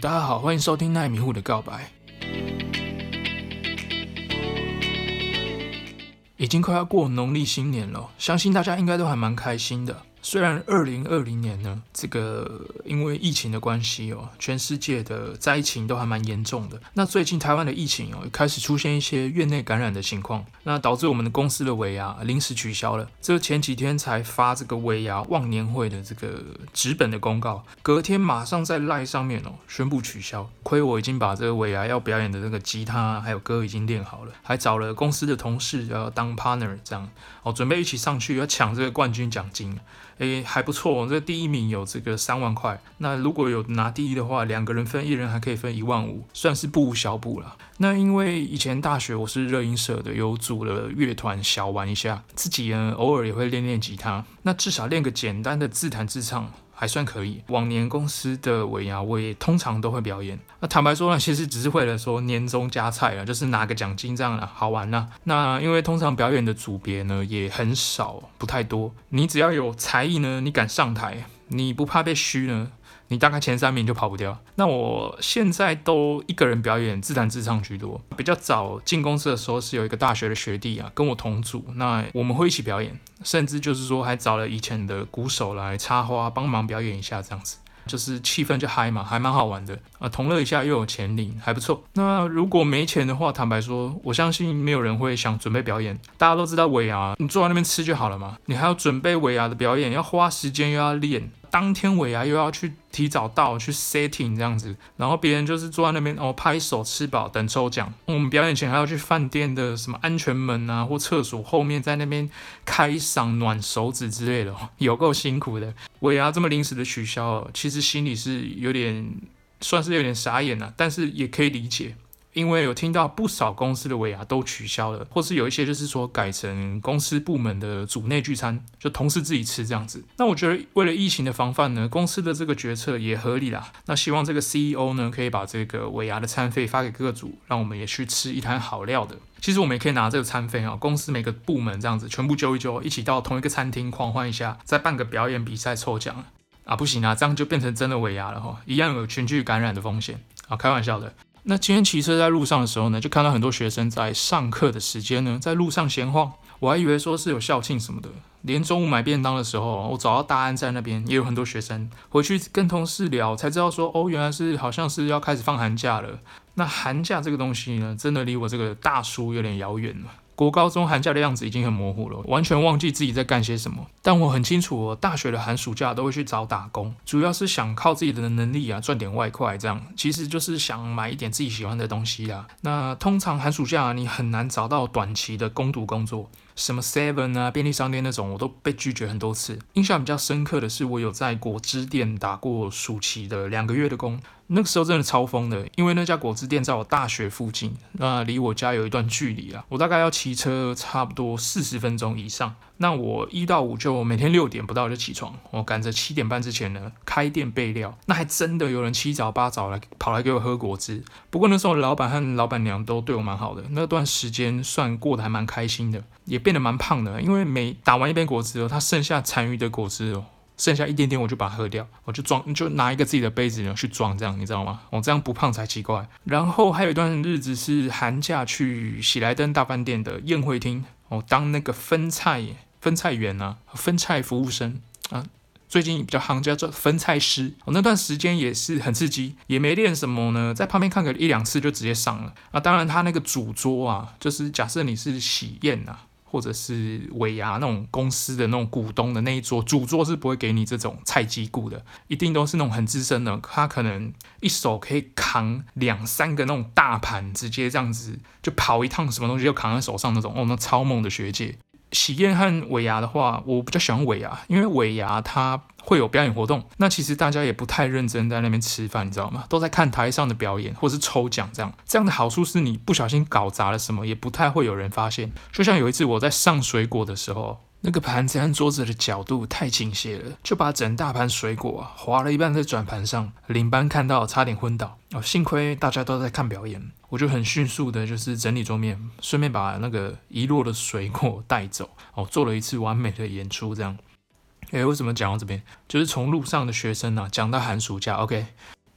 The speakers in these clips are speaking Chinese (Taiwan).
大家好，歡迎收聽《奈米戶的告白》。已經快要過農曆新年了，相信大家應該都還蠻開心的。雖然二零二零年呢，這個因為疫情的關係哦，全世界的災情都還蠻嚴重的。那最近台灣的疫情哦，開始出現一些院內感染的情況，那導致我們的公司的尾牙臨時取消了。這前幾天才發這個尾牙忘年會的這個紙本的公告，隔天馬上在 Line 上面哦，宣布取消。虧我已經把這個尾牙要表演的那個吉他還有歌已經練好了，還找了公司的同事要當 partner 這樣哦，準備一起上去要搶這個冠軍獎金。哎，還不錯，這第一名有這個三萬塊。那如果有拿第一的話，兩個人分，一人還可以分一萬五，算是不無小補了。那因為以前大學我是熱音社的，有組了樂團小玩一下，自己呢偶爾也會練練吉他，那至少練個簡單的自彈自唱。還算可以。往年公司的尾牙，啊，我也通常都會表演。那、啊、坦白說呢，其實只是為了說年終加菜、啊、就是拿個獎金這樣、啊、好玩啦、啊。那因為通常表演的組別呢也很少，不太多。你只要有才藝呢，你敢上台，你不怕被噓呢，你大概前三名就跑不掉。那我現在都一個人表演，自彈自唱居多。比較早進公司的時候是有一個大學的學弟啊，跟我同組，那我們會一起表演，甚至就是說還找了以前的鼓手來插花幫忙表演一下，這樣子就是氣氛就嗨嘛，還蠻好玩的啊，同樂一下又有錢領，還不錯。那如果沒錢的話，坦白說，我相信沒有人會想準備表演。大家都知道尾牙，你坐在那邊吃就好了嘛，你還要準備尾牙的表演，要花時間又要練。當天尾牙又要去提早到去 setting 這樣子，然後別人就是坐在那邊哦拍手吃飽等抽獎。我、嗯、們表演前還要去飯店的什麼安全門啊或廁所後面在那邊開一嗓暖手指之類的，有夠辛苦的。尾牙，這麼臨時的取消，其實心裡是有點算是有點傻眼了、啊，但是也可以理解。因為有聽到不少公司的尾牙都取消了，或是有一些就是說改成公司部門的組內聚餐，就同事自己吃這樣子。那我覺得為了疫情的防範呢，公司的這個決策也合理啦。那希望這個 CEO 呢可以把這個尾牙的餐費發給各組，讓我們也去吃一攤好料的。其實我們也可以拿這個餐費啊，公司每個部門這樣子全部揪一揪，一起到同一個餐廳狂歡一下，再辦個表演比賽抽獎啊！不行啊，這樣就變成真的尾牙了哈、哦，一樣有群聚感染的風險。啊，開玩笑的。那今天騎車在路上的時候呢，就看到很多學生在上課的時間呢，在路上閒晃。我還以為說是有校慶什麼的，連中午買便當的時候，我找到大安在那邊也有很多學生。回去跟同事聊才知道說，哦，原來是好像是要開始放寒假了。那寒假這個東西呢，真的離我這個大叔有點遙遠了。國高中寒假的樣子已經很模糊了，完全忘記自己在幹些什麼。但我很清楚，我大學的寒暑假都會去找打工，主要是想靠自己的能力啊賺點外快，這樣其實就是想買一點自己喜歡的東西啊。那通常寒暑假啊，你很難找到短期的工讀工作，什麼 Seven 啊、便利商店那種，我都被拒絕很多次。印象比較深刻的是，我有在果汁店打過暑期的兩個月的工。那個時候真的超瘋的，因為那家果汁店在我大學附近，那離我家有一段距離啊，我大概要騎車差不多四十分鐘以上。那我一到五就每天六點不到就起床，我趕着七點半之前呢開店備料。那還真的有人七早八早來跑來給我喝果汁。不過那時候老板和老板娘都對我蠻好的，那段時間算過得還蠻開心的，也變得蠻胖的，因為每打完一杯果汁哦，它剩下殘餘的果汁哦。剩下一點點我就把它喝掉，我就裝，就拿一個自己的杯子呢去裝，這樣你知道嗎？我、哦、這樣不胖才奇怪。然後還有一段日子是寒假去喜來登大飯店的宴會廳，我、哦、當那個分菜分菜員啊，分菜服務生啊。最近比較行家叫分菜師，我、哦、那段時間也是很刺激，也沒練什麼呢，在旁邊看個一兩次就直接上了。那、啊、當然他那個主桌啊，就是假設你是喜宴吶、啊。或者是尾牙那種公司的那種股東的那一桌主桌是不會給你這種菜雞股的，一定都是那種很資深的，他可能一手可以扛兩三個那種大盤，直接這樣子就跑一趟什麼東西就扛在手上那種，哦，那超猛的學姐。喜宴和尾牙的話，我比較喜歡尾牙，因為尾牙它會有表演活動。那其實大家也不太認真在那邊吃飯，你知道嗎？都在看台上的表演或是抽獎這樣。這樣的好處是你不小心搞砸了什麼，也不太會有人發現。就像有一次我在上水果的時候，那個盤子和桌子的角度太傾斜了，就把整大盤水果啊，滑了一半在轉盤上。領班看到差點昏倒哦，幸虧大家都在看表演，我就很迅速的，就是整理桌面，順便把那個遺落的水果帶走哦，做了一次完美的演出。這樣，哎、欸，為什麼講到這邊？就是從路上的學生呢、啊，講到寒暑假。OK，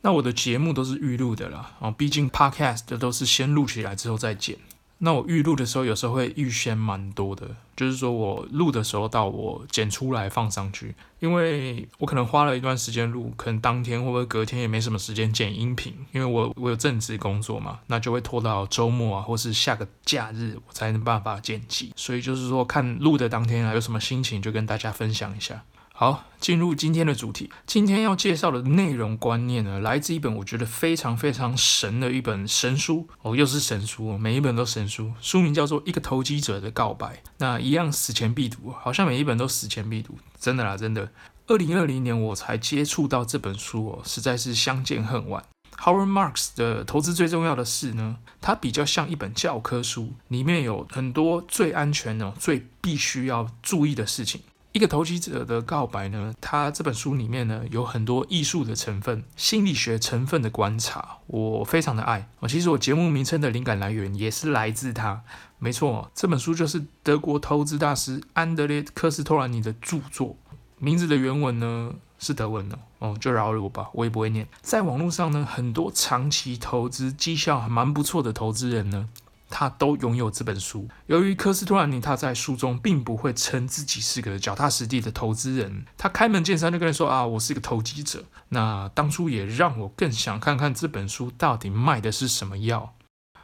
那我的節目都是預錄的了哦，畢竟 Podcast 的都是先錄起來之後再剪。那我預錄的時候，有時候會預先蠻多的，就是說我錄的時候到我剪出來放上去，因為我可能花了一段時間錄，可能當天或者隔天也沒什麼時間剪音頻，因為我我有正職工作嘛，那就會拖到周末啊，或是下個假日，我才能辦法剪輯。所以就是說，看錄的當天啊，有什麼心情就跟大家分享一下。好，進入今天的主題。今天要介紹的內容觀念呢，來自一本我覺得非常非常神的一本神書哦，又是神書，每一本都神書。書名叫做《一個投機者的告白》，那一樣死前必讀，好像每一本都死前必讀，真的啦，真的。二零二零年我才接觸到這本書哦，實在是相見恨晚。Howard Marks 的投資最重要的事呢，它比較像一本教科書，裡面有很多最安全、哦、最必須要注意的事情。一個投機者的告白呢，他這本書裡面呢，有很多藝術的成分、心理學成分的觀察，我非常的愛。我其實我節目名稱的靈感來源也是來自他，沒錯，這本書就是德國投資大師安德烈科斯托蘭尼的著作。名字的原文呢是德文哦，就饒了我吧，我也不會念。在網絡上呢，很多長期投資績效還蠻不錯的投資人呢，他都擁有這本書。由於科斯托蘭尼他在書中並不會稱自己是個腳踏實地的投資人，他開門見山就跟人說：“啊，我是一個投機者。”那當初也讓我更想看看這本書到底賣的是什麼藥。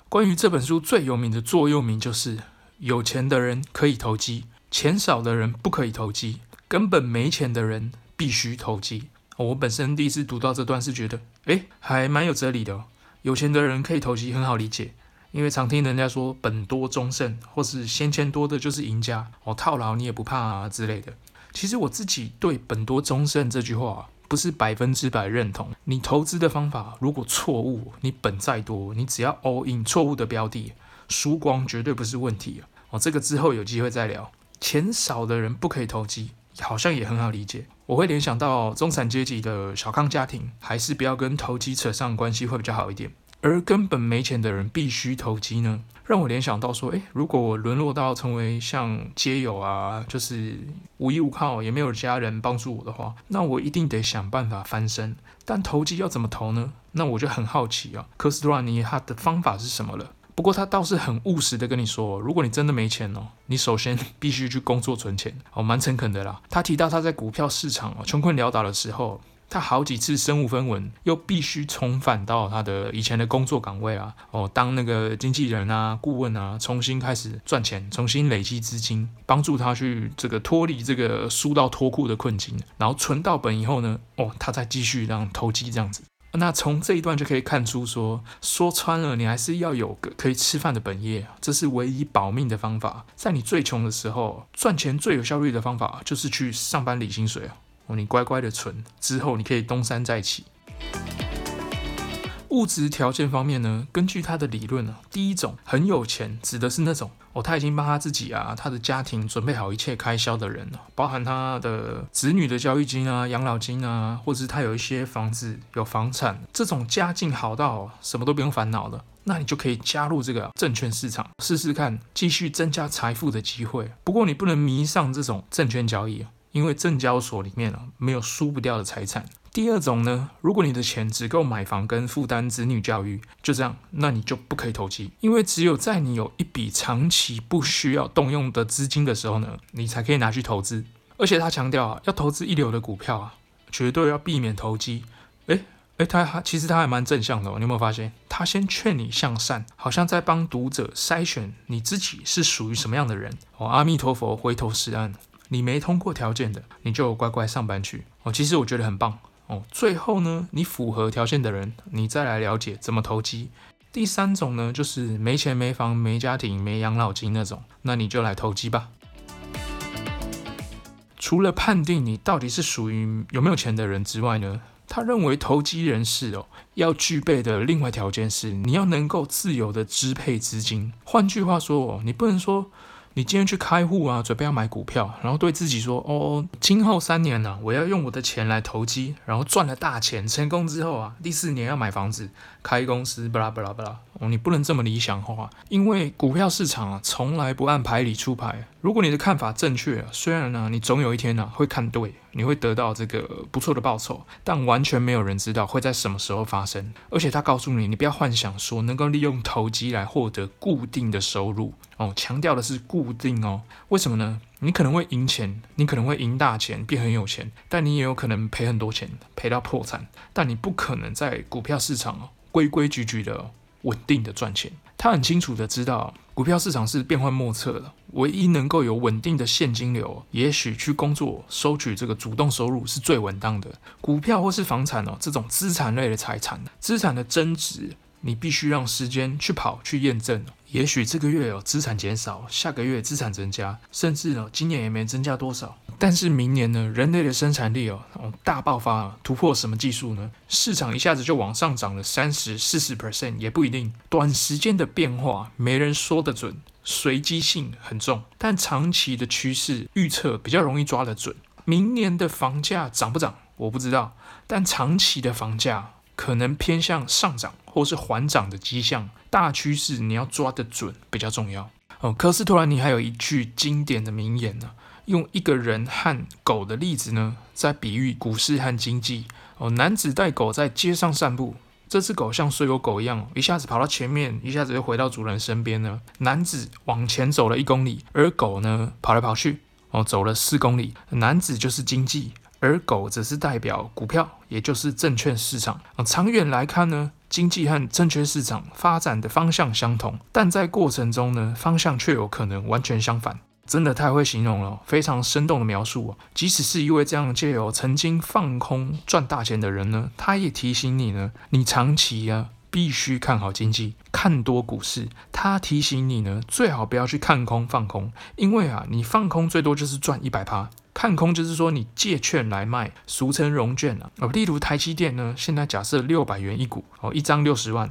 關於這本書最有名的座右銘就是：“有錢的人可以投機，錢少的人不可以投機，根本沒錢的人必須投機。”我本身第一次讀到這段是覺得，哎，還蠻有哲理的。有錢的人可以投機，很好理解。因為常聽人家說“本多終勝”或是“先簽多的就是贏家”，我、哦、套牢你也不怕啊之類的。其實我自己對“本多終勝”這句話、啊、不是百分之百認同。你投資的方法如果錯誤，你本再多，你只要 all in 錯誤的標的，輸光絕對不是問題、啊、哦，這個之後有機會再聊。錢少的人不可以投機，好像也很好理解。我會聯想到中產階級的小康家庭，還是不要跟投機扯上關係會比較好一點。而根本沒錢的人必須投機呢，讓我聯想到說，欸，如果我淪落到成為像街友啊，就是無依無靠，也沒有家人幫助我的話，那我一定得想辦法翻身。但投機要怎麼投呢？那我就很好奇啊。科斯托蘭尼他的方法是什麼了？不過他倒是很務實的跟你說，如果你真的沒錢哦，你首先必須去工作存錢，哦，蠻誠懇的啦。他提到他在股票市場窮困潦倒的時候。他好幾次身無分文，又必須重返到他的以前的工作崗位啊，哦，當那個經紀人啊、顧問啊，重新開始賺錢，重新累積資金，幫助他去這個脫離這個輸到脫褲的困境。然後存到本以後呢，哦，他再繼續讓投機這樣子。那從這一段就可以看出說，說說穿了，你還是要有個可以吃飯的本業，這是唯一保命的方法。在你最窮的時候，賺錢最有效率的方法就是去上班領薪水啊。你乖乖的存，之後你可以東山再起。物質條件方面呢，根據他的理論呢、啊，第一種很有錢，指的是那種哦，他已經幫他自己啊，他的家庭準備好一切開銷的人了，包含他的子女的教育金啊、養老金啊，或者是他有一些房子、有房產，這種家境好到、哦、什麼都不用煩惱的，那你就可以加入這個、啊、證券市場試試看，繼續增加財富的機會。不過你不能迷上這種證券交易、啊。因為證交所裡面啊，沒有輸不掉的財產。第二種呢，如果你的錢只夠買房跟負擔子女教育，就這樣，那你就不可以投機。因為只有在你有一筆長期不需要動用的資金的時候呢，你才可以拿去投資。而且他強調啊，要投資一流的股票啊，絕對要避免投機。誒誒他還其實他還蠻正向的哦，你有沒有發現？他先勸你向善，好像在幫讀者篩選你自己是屬於什麼樣的人哦。阿彌陀佛，回頭是岸。你沒通過條件的，你就乖乖上班去哦。其實我覺得很棒哦。最後呢，你符合條件的人，你再來了解怎麼投機。第三種呢，就是沒錢、沒房、沒家庭、沒養老金那種，那你就來投機吧。除了判定你到底是屬於有沒有錢的人之外呢，他認為投機人士哦，要具備的另外條件是，你要能夠自由的支配資金。換句話說哦，你不能說，你今天去開戶啊，準備要買股票，然後對自己說：“哦，今後三年呢、啊，我要用我的錢來投機，然後賺了大錢，成功之後啊，第四年要買房子、開公司，巴拉巴拉巴拉。”你不能這麼理想化、哦啊，因為股票市場啊，從來不按牌理出牌。如果你的看法正確，雖然呢、啊，你總有一天呢、啊、會看對，你會得到這個不錯的報酬，但完全沒有人知道會在什麼時候發生。而且他告訴你，你不要幻想說能夠利用投機來獲得固定的收入。哦，強調的是固定哦。為什麼呢？你可能會贏錢，你可能會贏大錢，變很有錢，但你也有可能賠很多錢，賠到破產。但你不可能在股票市場哦，規規矩矩的、哦。穩定的賺錢，他很清楚的知道，股票市場是變幻莫測的，唯一能夠有穩定的現金流，也許去工作收取這個主動收入是最穩當的。股票或是房產哦，這種資產類的財產，資產的增值。你必須讓時間去跑去驗證。也許這個月有、哦、資產減少，下個月資產增加，甚至呢，今年也沒增加多少。但是明年呢，人類的生產力哦，大爆發、啊，突破什麼技術呢？市場一下子就往上漲了三十四十 percent，也不一定。短時間的變化沒人說得準，隨機性很重。但長期的趨勢預測比較容易抓得準。明年的房價漲不漲我不知道，但長期的房價，可能偏向上漲或是緩漲的跡象，大趨勢你要抓得準比較重要哦。科斯托蘭尼還有一句經典的名言呢，啊，用一個人和狗的例子呢，在比喻股市和經濟哦。男子帶狗在街上散步，這隻狗像所有狗一樣，一下子跑到前面，一下子又回到主人身邊呢，男子往前走了一公里，而狗呢跑來跑去哦，走了四公里。男子就是經濟。而狗則是代表股票，也就是證券市場。長遠來看呢，經濟和證券市場發展的方向相同，但在過程中呢，方向卻有可能完全相反。真的太會形容了哦，非常生動的描述哦，即使是一位這樣借由曾經放空賺大錢的人呢，他也提醒你呢，你長期啊必須看好經濟，看多股市。他提醒你呢，最好不要去看空放空，因為啊，你放空最多就是賺一百趴。看空就是說你借券來賣，俗稱融券啊。哦，例如台積電呢，現在假設六百元一股，哦，一張六十萬，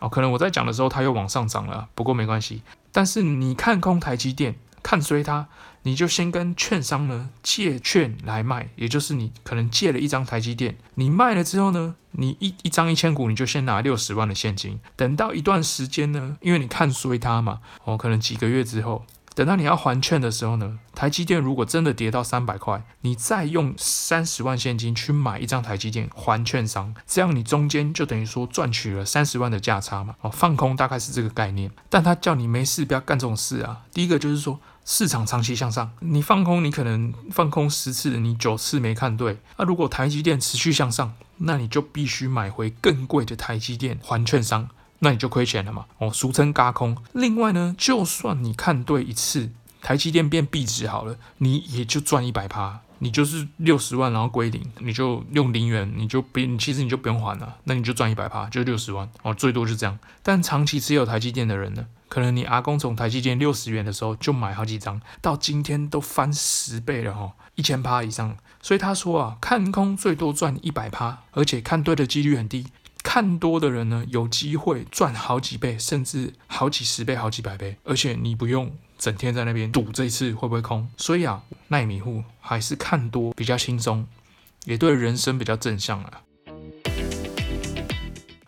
哦，可能我在講的時候它又往上漲了，不過沒關係。但是你看空台積電，看衰它，你就先跟券商呢借券來賣，也就是你可能借了一張台積電，你賣了之後呢，你一一張一千股，你就先拿六十萬的現金。等到一段時間呢，因為你看衰它嘛，哦，可能幾個月之後。等到你要還券的時候呢，台積電如果真的跌到三百塊，你再用三十萬現金去買一張台積電還券商，這樣你中間就等於說賺取了三十萬的價差嘛。放空大概是這個概念，但他叫你沒事不要幹這種事啊。第一個就是說市場長期向上，你放空，你可能放空十次，你九次沒看對。那、啊、如果台積電持續向上，那你就必須買回更貴的台積電還券商。那你就虧錢了嘛，哦，俗稱嘎空。另外呢，就算你看對一次，台積電變壁紙好了，你也就賺一百趴，你就是六十萬，然後歸零，你就用零元，你就不，你其實你就不用還了，那你就賺一百趴，就六十萬，哦，最多就是這樣。但長期持有台積電的人呢，可能你阿公從台積電六十元的時候就買好幾張，到今天都翻十倍了哈、哦，一千趴以上。所以他說啊，看空最多賺一百趴，而且看對的幾率很低。看多的人呢，有機會賺好幾倍，甚至好幾十倍、好幾百倍，而且你不用整天在那邊賭這一次會不會空。所以啊，奈米戶還是看多比較輕鬆，也對人生比較正向啊。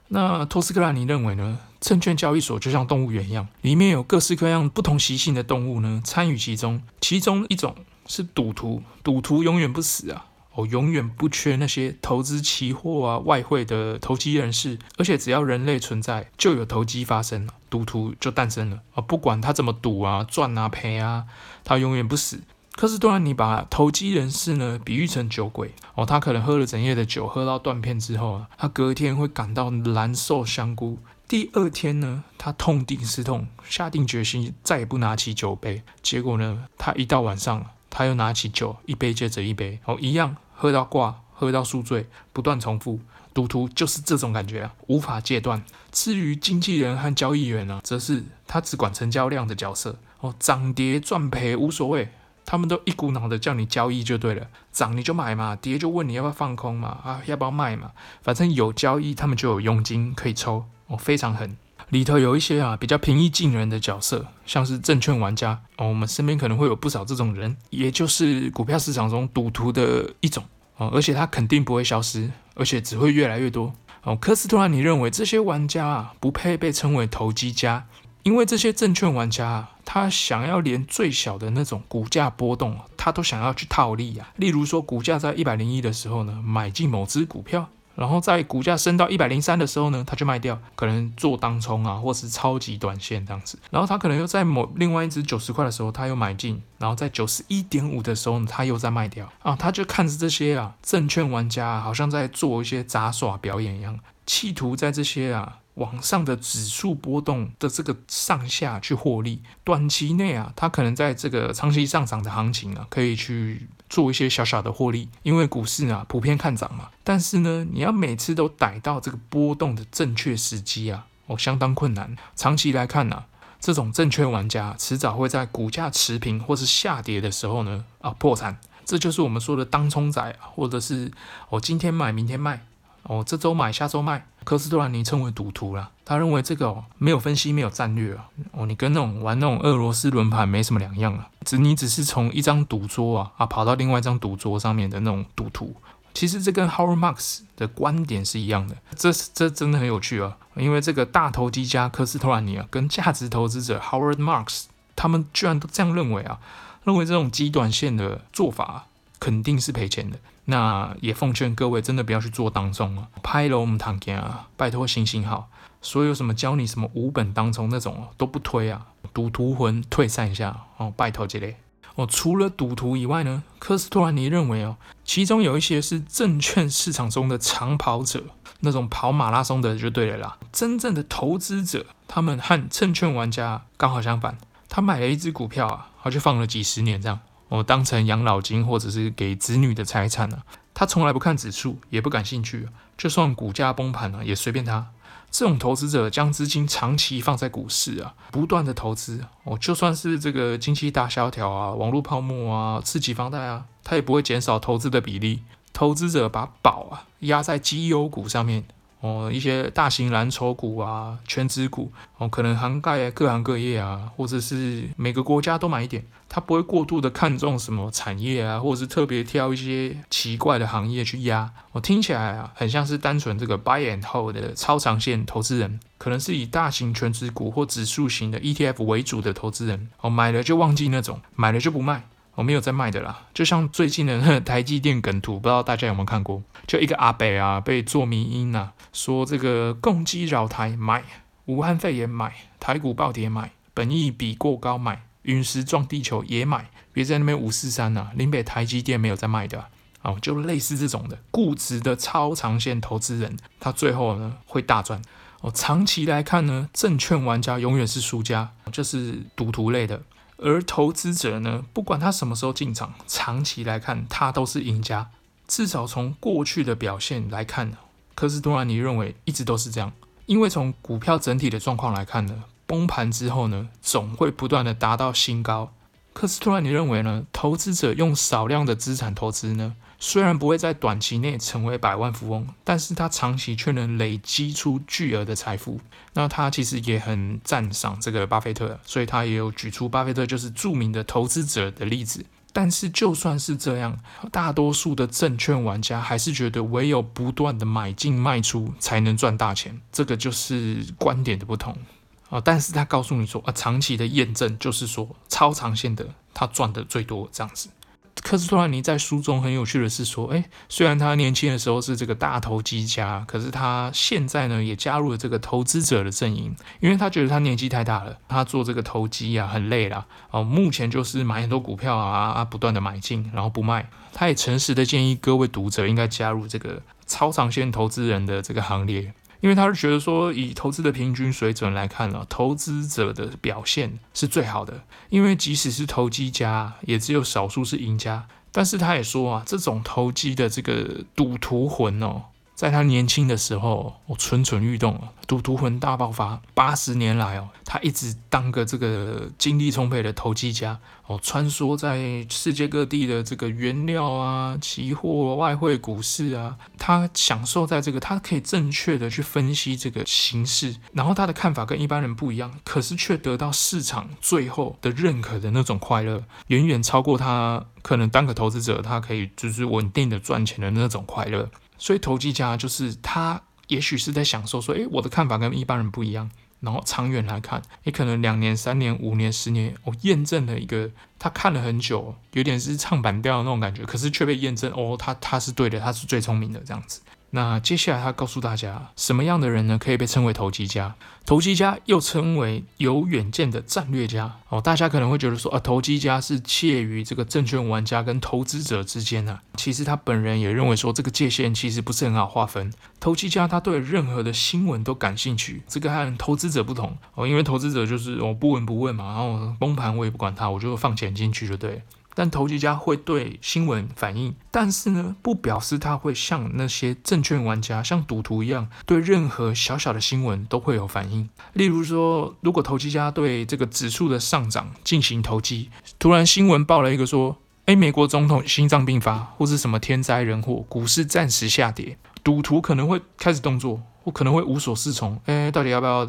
那科斯托蘭尼認為呢，證券交易所就像動物園一樣，裡面有各式各樣不同習性的動物呢參與其中，其中一種是賭徒，賭徒永遠不死啊。我永遠不缺那些投資期貨啊、外匯的投機人士，而且只要人類存在，就有投機發生了，賭徒就誕生了、哦、不管他怎麼賭啊、賺啊、賠啊，他永遠不死。可是，當然，你把投機人士呢比喻成酒鬼哦，他可能喝了整夜的酒，喝到斷片之後啊，他隔一天會感到藍瘦香菇。第二天呢，他痛定思痛，下定決心再也不拿起酒杯。結果呢，他一到晚上，他又拿起酒，一杯接着一杯，哦，一樣。喝到掛，喝到宿醉，不斷重複，賭徒就是這種感覺啊，無法戒斷。至於經紀人和交易員呢啊，則是他只管成交量的角色，哦，漲跌賺賠無所謂，他們都一股腦的叫你交易就對了，漲你就買嘛，跌就問你要不要放空嘛，啊，要不要賣嘛，反正有交易他們就有佣金可以抽，哦，非常狠。裡頭有一些啊比較平易近人的角色，像是證券玩家哦，我們身邊可能會有不少這種人，也就是股票市場中賭徒的一種哦，而且他肯定不會消失，而且只會越來越多哦。科斯托蘭尼認為這些玩家啊不配被稱為投機家，因為這些證券玩家啊，他想要連最小的那種股價波動啊，他都想要去套利啊，例如說股價在一百零一的時候呢，買進某隻股票。然後在股價升到一百零三的時候呢，他就賣掉，可能做當沖啊，或是超級短線這樣子。然後他可能又在某另外一支九十塊的時候，他又買進，然後在九十一點五的時候呢，他又再賣掉。啊，他就看着這些啊，證券玩家啊，好像在做一些雜耍表演一樣，企圖在這些啊。往上的指數波動的這個上下去獲利，短期內啊，它可能在這個長期上漲的行情啊，可以去做一些小小的獲利，因為股市啊，普遍看漲嘛。但是呢，你要每次都逮到這個波動的正確時機啊，哦，相當困難。長期來看呢、啊，這種證券玩家遲早會在股價持平或是下跌的時候呢，啊，破產。這就是我們說的當沖仔，或者是我、哦、今天買，明天賣。哦，這週買，下周賣，科斯托蘭尼稱為賭徒啦，他認為這個哦，沒有分析，沒有戰略啊。哦，你跟那種玩那種俄羅斯輪盤沒什麼兩樣啊。只你只是從一張賭桌啊，啊，跑到另外一張賭桌上面的那種賭徒。其實這跟 Howard Marks 的觀點是一樣的。這這真的很有趣啊，因為這個大投機家科斯托蘭尼啊，跟價值投資者 Howard Marks，他們居然都這樣認為啊，認為這種極短線的做法啊，肯定是賠錢的。那也奉勸各位，真的不要去做當中啊！拍了我們談天啊，拜託行行好。所以有什麼教你什麼無本當中那種哦、啊，都不推啊！賭徒魂退散一下哦，拜託這類哦。除了賭徒以外呢，科斯托蘭尼認為哦，其中有一些是證券市場中的長跑者，那種跑馬拉松的就對了啦。真正的投資者，他們和證券玩家剛好相反，他買了一隻股票啊，他就放了幾十年這樣。我當成養老金或者是給子女的財產了、啊，他從來不看指數，也不感興趣、啊，就算股價崩盤了、啊、也隨便他。這種投資者將資金長期放在股市啊，不斷的投資，哦，就算是這個經濟大蕭條啊、網絡泡沫啊、次級房貸啊，他也不會減少投資的比例。投資者把寶啊押在績優股上面。哦，一些大型藍籌股啊，權值股哦，可能涵蓋、啊、各行各業啊，或者是每個國家都買一點，他不會過度的看重什麼產業啊，或者是特別挑一些奇怪的行業去壓。我、哦、聽起來啊，很像是單純這個 buy and hold 的超長線投資人，可能是以大型權值股或指數型的 ETF 為主的投資人哦，買了就忘記那種，買了就不賣，我、哦、沒有再賣的啦。就像最近的台積電梗圖，不知道大家有沒有看過？就一個阿北啊，被做迷因吶。說這個共機繞台買，武漢肺炎買，台股暴跌買，本益比過高買，隕石撞地球也買，別在那邊五四三吶，林北台積電沒有在賣的啊、哦，就類似這種的，固執的超長線投資人，他最後呢，會大賺哦。長期來看呢，證券玩家永遠是輸家，就是賭徒類的，而投資者呢，不管他什麼時候進場，長期來看他都是贏家，至少從過去的表現來看呢。科斯托蘭尼認為一直都是這樣，因為從股票整體的狀況來看呢，崩盤之後呢，總會不斷地達到新高。科斯托蘭尼認為呢，投資者用少量的資產投資呢，雖然不會在短期內成為百萬富翁，但是他長期卻能累積出巨額的財富。那他其實也很讚賞這個巴菲特，所以他也有舉出巴菲特就是著名的投資者的例子。但是就算是這樣，大多數的證券玩家，還是覺得唯有不斷的買進賣出才能賺大錢，這個就是觀點的不同啊。但是他告訴你說啊，長期的驗證就是說超長線的，他賺的最多這樣子。科斯托蘭尼在書中很有趣的是說，哎、欸，雖然他年輕的時候是這個大投機家，可是他現在呢也加入了這個投資者的陣營，因為他覺得他年紀太大了，他做這個投機啊很累了，哦，目前就是買很多股票啊，啊啊不斷的買進，然後不賣。他也誠實的建議各位讀者應該加入這個超長線投資人的這個行列。因為他是覺得說，以投資的平均水準來看呢，投資者的表現是最好的。因為即使是投機家，也只有少數是贏家。但是他也說啊，這種投機的這個賭徒魂哦。在他年輕的時候，我、哦、蠢蠢欲動啊，賭徒魂大爆發。八十年來哦，他一直當個這個精力充沛的投機家哦，穿梭在世界各地的這個原料啊、期貨、外匯、股市啊，他享受在這個他可以正確的去分析這個形勢，然後他的看法跟一般人不一樣，可是卻得到市場最後的認可的那種快樂，遠遠超過他可能當個投資者，他可以就是穩定的賺錢的那種快樂。所以投機家就是他，也許是在享受說：“誒、欸，我的看法跟一般人不一樣。”然後長遠來看，你、欸、可能兩年、三年、五年、十年，我驗證了一個，他看了很久，有點是唱反調那種感覺，可是卻被驗證，哦，他他是對的，他是最聰明的這樣子。那接下來他告訴大家，什麼樣的人呢，可以被稱為投機家？投機家又稱為有遠見的戰略家。哦，大家可能會覺得說，啊，投機家是介於這個證券玩家跟投資者之間呢、啊。其實他本人也認為說，這個界限其實不是很好劃分。投機家他對任何的新聞都感興趣，這個和投資者不同哦，因為投資者就是我、哦、不聞不問嘛，然後、哦、崩盤我也不管他，我就放錢進去就對。但投機家會對新聞反應，但是呢，不表示他會像那些證券玩家，像賭徒一樣，對任何小小的新聞都會有反應。例如說，如果投機家對這個指數的上漲進行投機，突然新聞報了一個說，誒，美國總統心臟病發，或是什麼天災人禍，股市暫時下跌，賭徒可能會開始動作。我可能會無所適從，哎，到底要不要，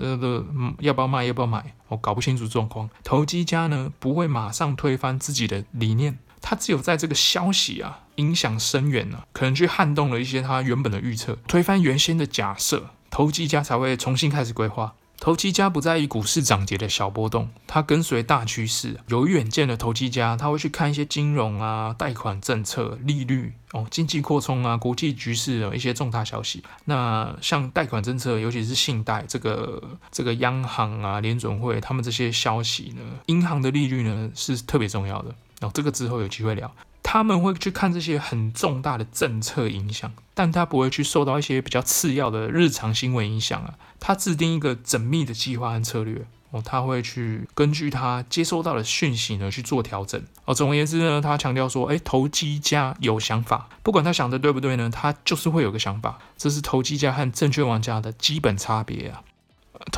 要不要賣，要不要買？我搞不清楚狀況。投機家呢，不會馬上推翻自己的理念，他只有在這個消息啊影響深遠呢，啊，可能去撼動了一些他原本的預測，推翻原先的假設，投機家才會重新開始規劃。投機家不在意股市漲跌的小波動，他跟隨大趨勢。有遠見的投機家，他會去看一些金融啊、貸款政策、利率哦、經濟擴充啊、國際局勢啊一些重大消息。那像貸款政策，尤其是信貸這個、這個央行啊、聯準會他們這些消息呢，銀行的利率呢是特別重要的。然後、哦、這個之後有機會聊。他們會去看這些很重大的政策影響，但他不會去受到一些比較次要的日常新聞影響啊。他制定一個縝密的計劃和策略哦，他會去根據他接收到的訊息呢去做調整哦。總而言之呢，他強調說，誒，投機家有想法，不管他想的對不對呢，他就是會有個想法，這是投機家和證券玩家的基本差別啊。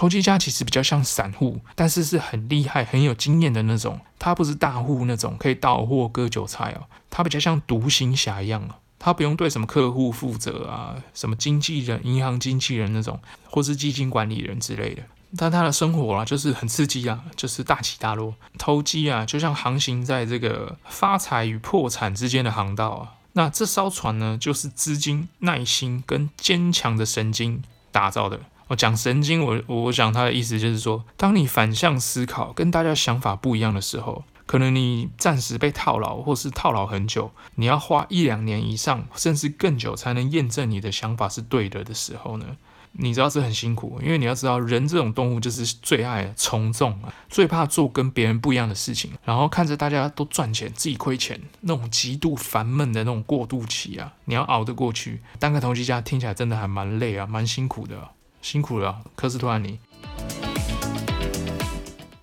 投機家其實比較像散戶，但是是很厲害、很有經驗的那種。他不是大戶那種可以倒貨割韭菜哦，他比較像獨行俠一樣啊、哦。他不用對什麼客戶負責啊，什麼經紀人、銀行經紀人那種，或是基金管理人之類的。但他的生活啊，就是很刺激啊，就是大起大落。投機啊，就像航行在這個發財與破產之間的航道啊。那這艘船呢，就是資金、耐心跟堅強的神經打造的。我講神經，我我講他的意思就是說，當你反向思考，跟大家想法不一樣的時候，可能你暫時被套牢，或是套牢很久，你要花一兩年以上，甚至更久，才能驗證你的想法是對的的時候呢，你知道這很辛苦，因為你要知道，人這種動物就是最愛從眾啊，最怕做跟別人不一樣的事情，然後看着大家都賺錢，自己虧錢，那種極度煩悶的那種過渡期啊，你要熬得過去，當個投機家聽起來真的還蠻累啊，蠻辛苦的啊。辛苦了，科斯托蘭尼。《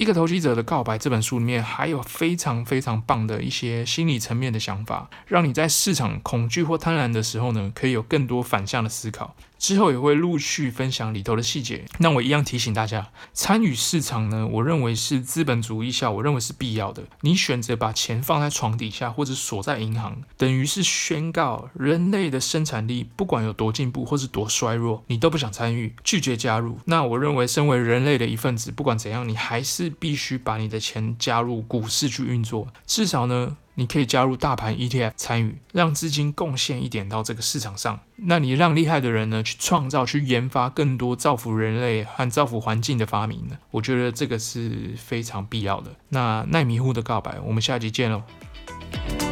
一個投機者的告白》這本書裡面還有非常非常棒的一些心理層面的想法，讓你在市場恐懼或貪婪的時候呢，可以有更多反向的思考。之後也會陸續分享裡頭的細節。那我一樣提醒大家，參與市場呢，我認為是資本主義下，我認為是必要的。你選擇把錢放在床底下或者鎖在銀行，等於是宣告人類的生產力不管有多進步或是多衰弱，你都不想參與，拒絕加入。那我認為，身為人類的一份子，不管怎樣，你還是必須把你的錢加入股市去運作。至少呢。你可以加入大盤 ETF 參與，讓資金貢獻一點到這個市場上。那你讓厲害的人呢，去創造、去研發更多造福人類和造福環境的發明呢，我覺得這個是非常必要的。那奈米戶的告白，我們下期見嘍。